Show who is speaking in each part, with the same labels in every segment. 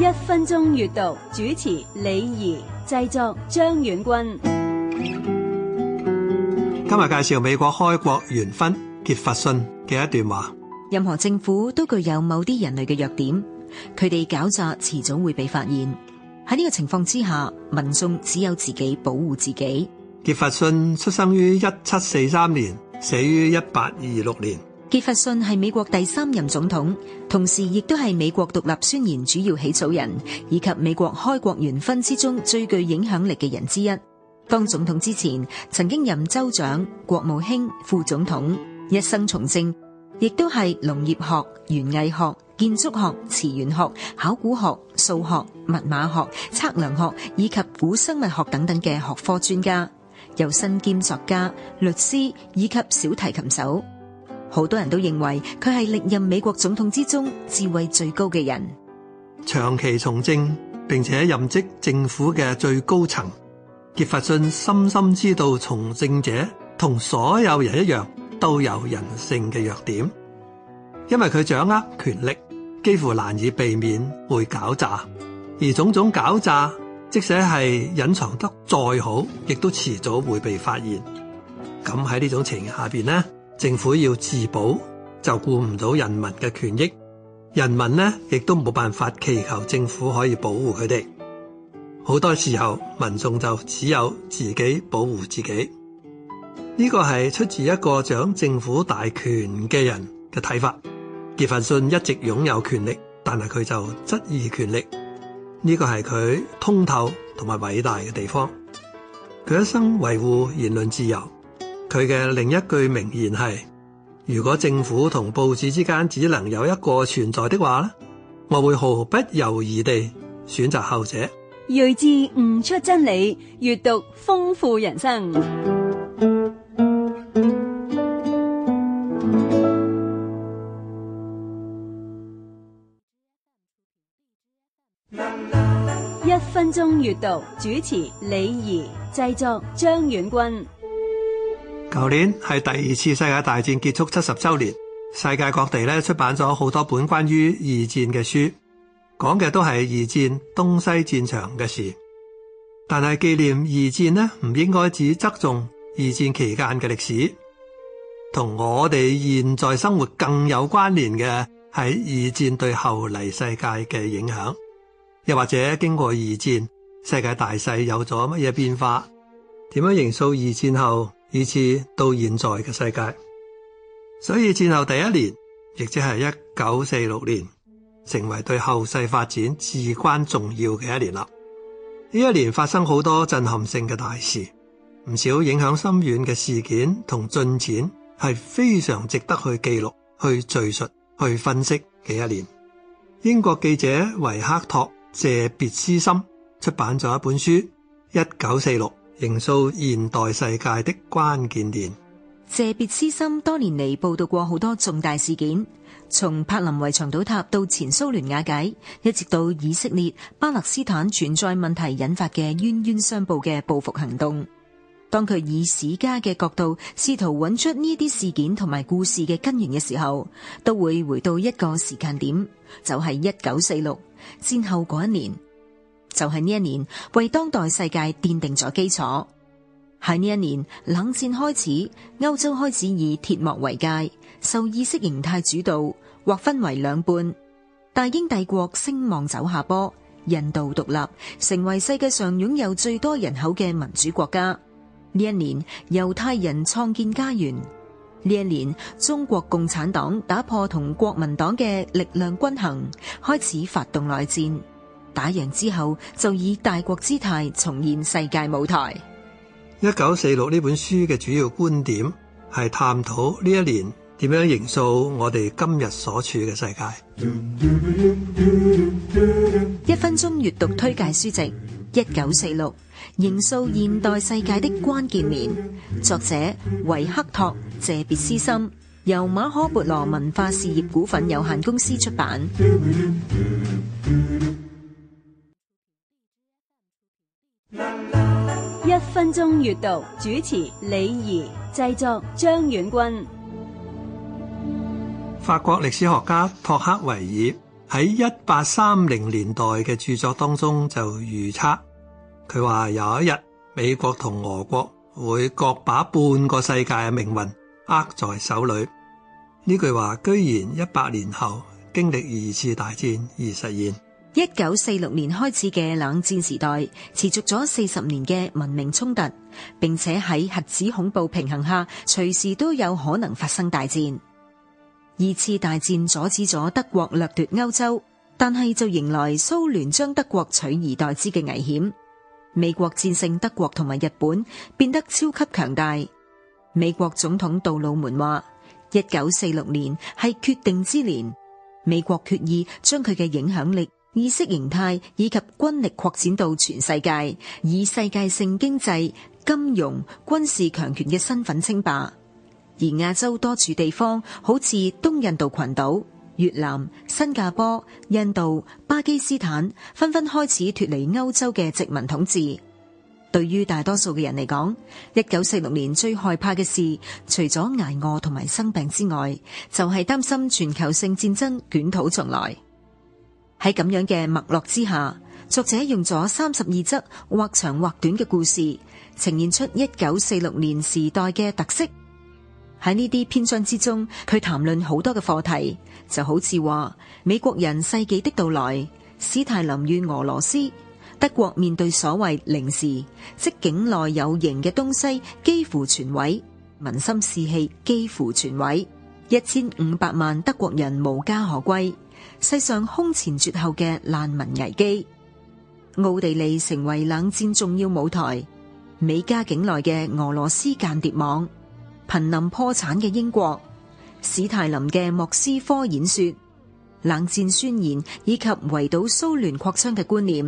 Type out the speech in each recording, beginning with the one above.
Speaker 1: 一分鐘閱讀主持李儀，製作張遠軍。
Speaker 2: 今日介紹美國開國元勳傑弗遜嘅一段話：
Speaker 3: 任何政府都具有某啲人類嘅弱點，佢哋狡詐遲早會被發現。喺呢個情況之下，民眾只有
Speaker 2: 自己保護自己。傑弗遜出生於一七四三年，死於一八二六年。
Speaker 3: 傑弗遜係美國第三任總統，同時亦都係美國獨立宣言主要起草人，以及美國開國元勳之中最具影響力嘅人之一。當總統之前，曾經任州長、國務卿、副總統，一生從政，亦都係農業學、園藝學、建築學、詞源學、考古學、數學、密碼學、測量學以及古生物學等等嘅學科專家。又身兼作家、律師以及小提琴手。好多人都認為佢係歷任美國總統之中智慧最高嘅人，
Speaker 2: 長期從政並且任職政府嘅最高層，傑弗遜深深知道從政者同所有人一樣都有人性嘅弱點，因為佢掌握權力，幾乎難以避免會狡詐，而種種狡詐即使係隱藏得再好，亦都遲早會被發現。咁喺呢種情形下邊呢？政府要自保，就顧唔到人民嘅權益。人民咧，亦都冇辦法祈求政府可以保護佢哋。好多時候，民眾就只有自己保護自己。呢個係出自一個掌政府大權嘅人嘅睇法。傑弗遜一直擁有權力，但係佢就質疑權力。呢個係佢通透同埋偉大嘅地方。佢一生維護言論自由。佢嘅另一句名言係：如果政府同報紙之間只能有一個存在的話呢，我會毫不猶豫地選擇後者。
Speaker 1: 睿智悟出真理，閱讀豐富人生。一分鐘閱讀，主持李儀，製作張遠軍。
Speaker 2: 舊年係第二次世界大戰結束七十周年，世界各地咧出版咗好多本關於二戰嘅書，講嘅都係二戰東西戰場嘅事。但係紀念二戰呢，唔應該只側重二戰期間嘅歷史，同我哋現在生活更有關聯嘅係二戰對後嚟世界嘅影響，又或者經過二戰世界大勢有咗乜嘢變化？點樣形塑二戰後？以至到現在嘅世界，所以戰後第一年，亦即係一九四六年，成為對後世發展至關重要嘅一年啦。呢一年發生好多震撼性嘅大事，唔少影響深遠嘅事件同進展，係非常值得去記錄、去敘述、去分析嘅一年。英國記者維克托謝別斯琛出版咗一本書《一九四六》。形塑現代世界的關鍵年。
Speaker 3: 謝別斯琛多年嚟報道過好多重大事件，從柏林圍牆倒塌到前蘇聯瓦解，一直到以色列巴勒斯坦存在問題引發嘅冤冤相報嘅報復行動。當佢以史家嘅角度試圖揾出呢啲事件同埋故事嘅根源嘅時候，都會回到一個時間點，就係一九四六，戰後嗰一年。就係呢一年，為當代世界奠定咗基礎。喺呢一年，冷戰開始，歐洲開始以鐵幕為界，受意識形態主導，劃分為兩半。大英帝國聲望走下坡，印度獨立，成為世界上擁有最多人口嘅民主國家。呢一年，猶太人創建家園。呢一年，中國共產黨打破同國民黨嘅力量均衡，開始發動內戰。打贏之後，就以大國姿態重現世界舞台。
Speaker 2: 一九四六呢本書嘅主要觀點係探討呢一年點樣形塑我哋今日所處嘅世界。
Speaker 3: 一分鐘閱讀推介書籍《一九四六》，形塑現代世界的關鍵年。作者維克托謝別斯琛，由馬可孛羅文化事業股份有限公司出版。
Speaker 1: 分鐘閱讀，主持李儀，製作張遠軍。
Speaker 2: 法國歷史學家托克維爾喺一八三零年代嘅著作當中就預測，佢話有一日美國同俄國會各把半個世界嘅命運握在手裏。呢句話居然一百年後經歷二次大戰而實現。
Speaker 3: 一九四六年開始嘅冷戰時代，持續咗四十年嘅文明衝突，並且喺核子恐怖平衡下，隨時都有可能發生大戰。二次大戰阻止咗德國掠奪歐洲，但係就迎來蘇聯將德國取而代之嘅危險。美國戰勝德國同埋日本，變得超級強大。美國總統杜魯門話：一九四六年係決定之年，美國決意將佢嘅影響力。意識形態以及軍力擴展到全世界，以世界性經濟、金融、軍事強權嘅身份稱霸。而亞洲多處地方，好似東印度群島、越南、新加坡、印度、巴基斯坦，紛紛開始脫離歐洲嘅殖民統治。對於大多數嘅人嚟講，一九四六年最害怕嘅事，除咗捱餓同埋生病之外，就係擔心全球性戰爭捲土重來。喺咁樣嘅脈絡之下，作者用咗三十二則或長或短嘅故事，呈現出一九四六年時代嘅特色。喺呢啲篇章之中，佢談論好多嘅課題，就好似話美國人世紀的到來，史泰林與俄羅斯，德國面對所謂零時，即境內有形嘅東西幾乎全毀，民心士氣幾乎全毀，一千五百萬德國人無家可歸。世上空前絕後嘅難民危機，奧地利成為冷戰重要舞台，美加境內嘅俄羅斯間諜網，瀕臨破產嘅英國，史泰林嘅莫斯科演說，冷戰宣言以及圍堵蘇聯擴張嘅觀念，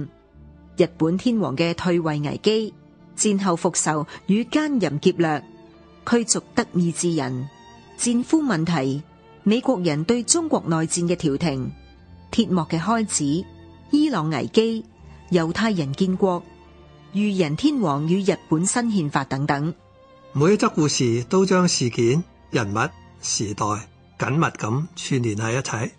Speaker 3: 日本天皇嘅退位危機，戰後復仇與奸淫劫掠，驅逐德意志人，戰俘問題。美國人對中國內戰嘅調停、鐵幕嘅開始、伊朗危機、猶太人建國、裕仁天皇與日本新憲法等等，
Speaker 2: 每一則故事都將事件、人物、時代緊密咁串聯喺一齊。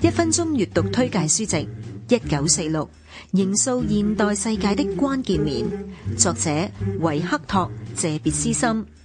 Speaker 3: 一分鐘閱讀推介書籍：一九四六，形塑現代世界的關鍵年，作者維克托謝別斯琛。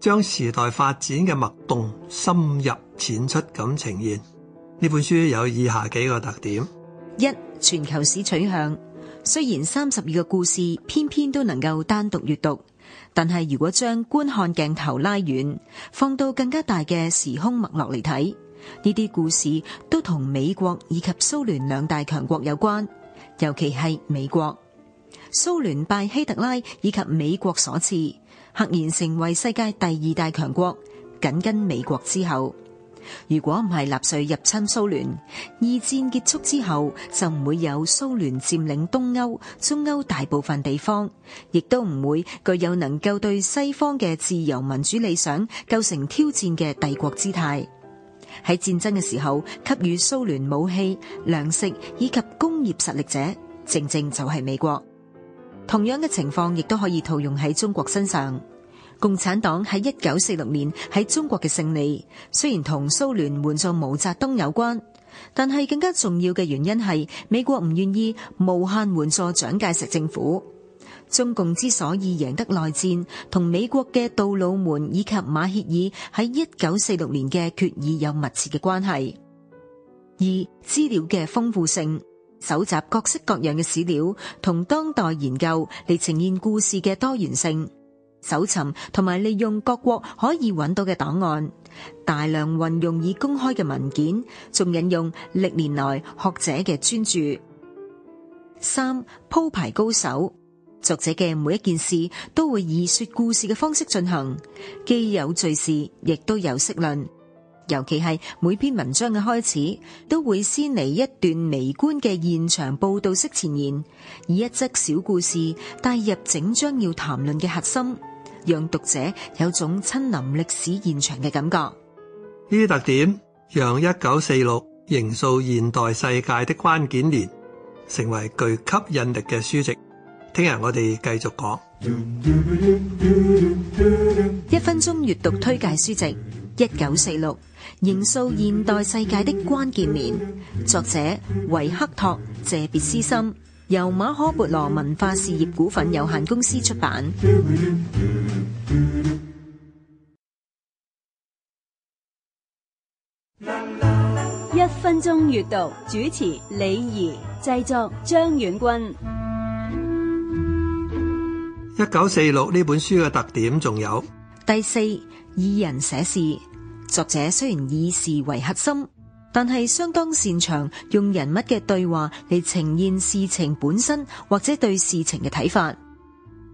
Speaker 2: 將時代發展嘅脈動深入淺出咁呈現，呢本書有以下幾個特點：
Speaker 3: 一、全球史取向。雖然三十二個故事篇篇都能夠單獨閱讀，但係如果將觀看鏡頭拉遠，放到更加大嘅時空脈絡嚟睇，呢啲故事都同美國以及蘇聯兩大強國有關，尤其係美國、蘇聯拜希特拉以及美國所賜。赫然成為世界第二大強國，緊跟美國之後。如果唔係納粹入侵蘇聯，二戰結束之後就唔會有蘇聯佔領東歐、中歐大部分地方，亦都唔會具有能夠對西方嘅自由民主理想構成挑戰嘅帝國姿態。喺戰爭嘅時候給予蘇聯武器、糧食以及工業實力者，正正就係美國。同樣嘅情況亦都可以套用喺中國身上。共產黨喺一九四六年喺中國嘅勝利，雖然同蘇聯援助毛澤東有關，但係更加重要嘅原因係美國唔願意無限援助蔣介石政府。中共之所以贏得內戰，同美國嘅杜魯門以及馬歇爾喺一九四六年嘅決議有密切嘅關係。二、資料嘅豐富性。搜集各式各樣嘅史料同當代研究嚟呈現故事嘅多元性，搜尋同埋利用各國可以揾到嘅檔案，大量運用已公開嘅文件，仲引用歷年來學者嘅專著。三、鋪排高手，作者嘅每一件事都會以說故事嘅方式進行，既有敘事亦都有色論。尤其係每篇文章嘅開始，都會先嚟一段微觀嘅現場報道式前言，以一則小故事帶入整章要談論嘅核心，讓讀者有種親臨歷史現場嘅感覺。
Speaker 2: 呢啲特點讓一九四六形塑現代世界的關鍵年，成為具吸引力嘅書籍。聽日我哋繼續講
Speaker 3: 一分鐘閱讀推介書籍。一九四六，形塑現代世界的關鍵年。作者維克托謝別斯琛，由馬可孛羅文化事業股份有限公司出版。
Speaker 1: 一分鐘閱讀，主持李儀，製作張遠軍。
Speaker 2: 一九四六呢本書嘅特點仲有
Speaker 1: 第四。以人寫事，
Speaker 3: 作者雖然以事為核心，但係相當擅長用人物嘅對話嚟呈現事情本身或者對事情嘅睇法。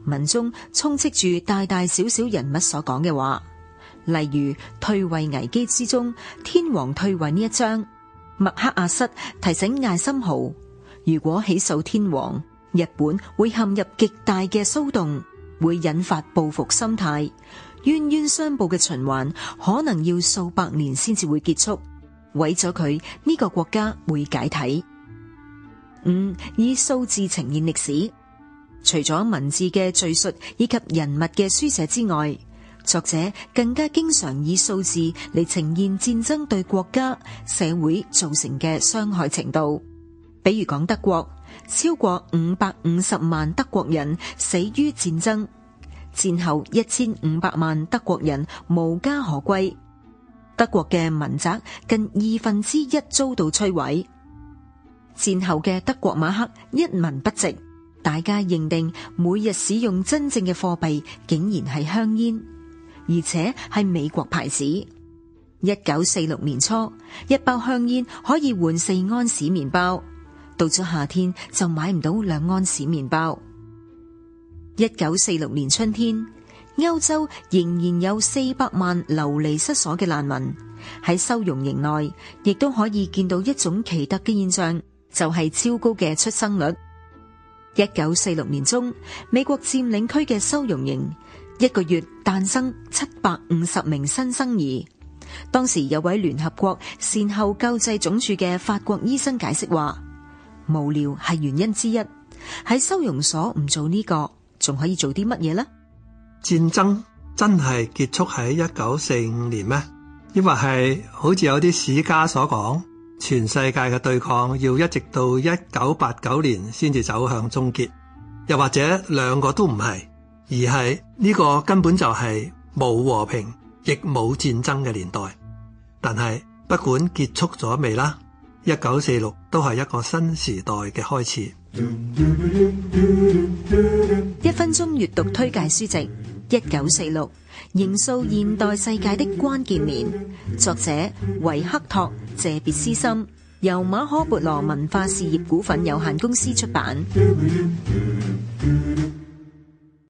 Speaker 3: 文中充斥住大大小小人物所講嘅話，例如退位危機之中，天皇退位呢一章，麥克阿瑟提醒艾森豪：如果起訴天皇，日本會陷入極大嘅騷動，會引發報復心態。冤冤相報嘅循環可能要數百年先至會結束，毀咗佢，呢個國家會解體。五、以數字呈現歷史，除咗文字嘅敘述以及人物嘅書寫之外，作者更加經常以數字嚟呈現戰爭對國家、社會造成嘅傷害程度。比如講德國，超過五百五十萬德國人死於戰爭。戰後一千五百萬德國人無家可歸，德國嘅民宅近二分之一遭到摧毀。戰後嘅德國馬克一文不值，大家認定每日使用真正嘅貨幣竟然係香煙，而且係美國牌子。一九四六年初，一包香煙可以換四安士麵包，到咗夏天就買唔到兩安士麵包。一九四六年春天，歐洲仍然有四百萬流離失所嘅難民喺收容營內，亦都可以見到一種奇特嘅現象，就係超高嘅出生率。一九四六年中，美國佔領區嘅收容營一個月誕生七百五十名新生兒。當時有位聯合國善後救濟總署嘅法國醫生解釋話：無聊係原因之一。喺收容所唔做呢個。仲可以做啲乜
Speaker 2: 嘢呢？戰爭真係結束喺一九四五年咩？抑或係好似有啲史家所講，全世界嘅對抗要一直到一九八九年先至走向終結？又或者兩個都唔係，而係呢個根本就係冇和平亦冇戰爭嘅年代。但係不管結束咗未啦。一九四六都係一個新時代嘅開始。
Speaker 3: 一分鐘閱讀推介書籍《一九四六：形塑現代世界的關鍵年》，作者維克托謝別斯琛，由馬可孛羅文化事業股份有限公司出版。